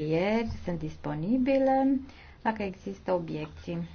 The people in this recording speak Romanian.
ieri sunt disponibile dacă există obiecții.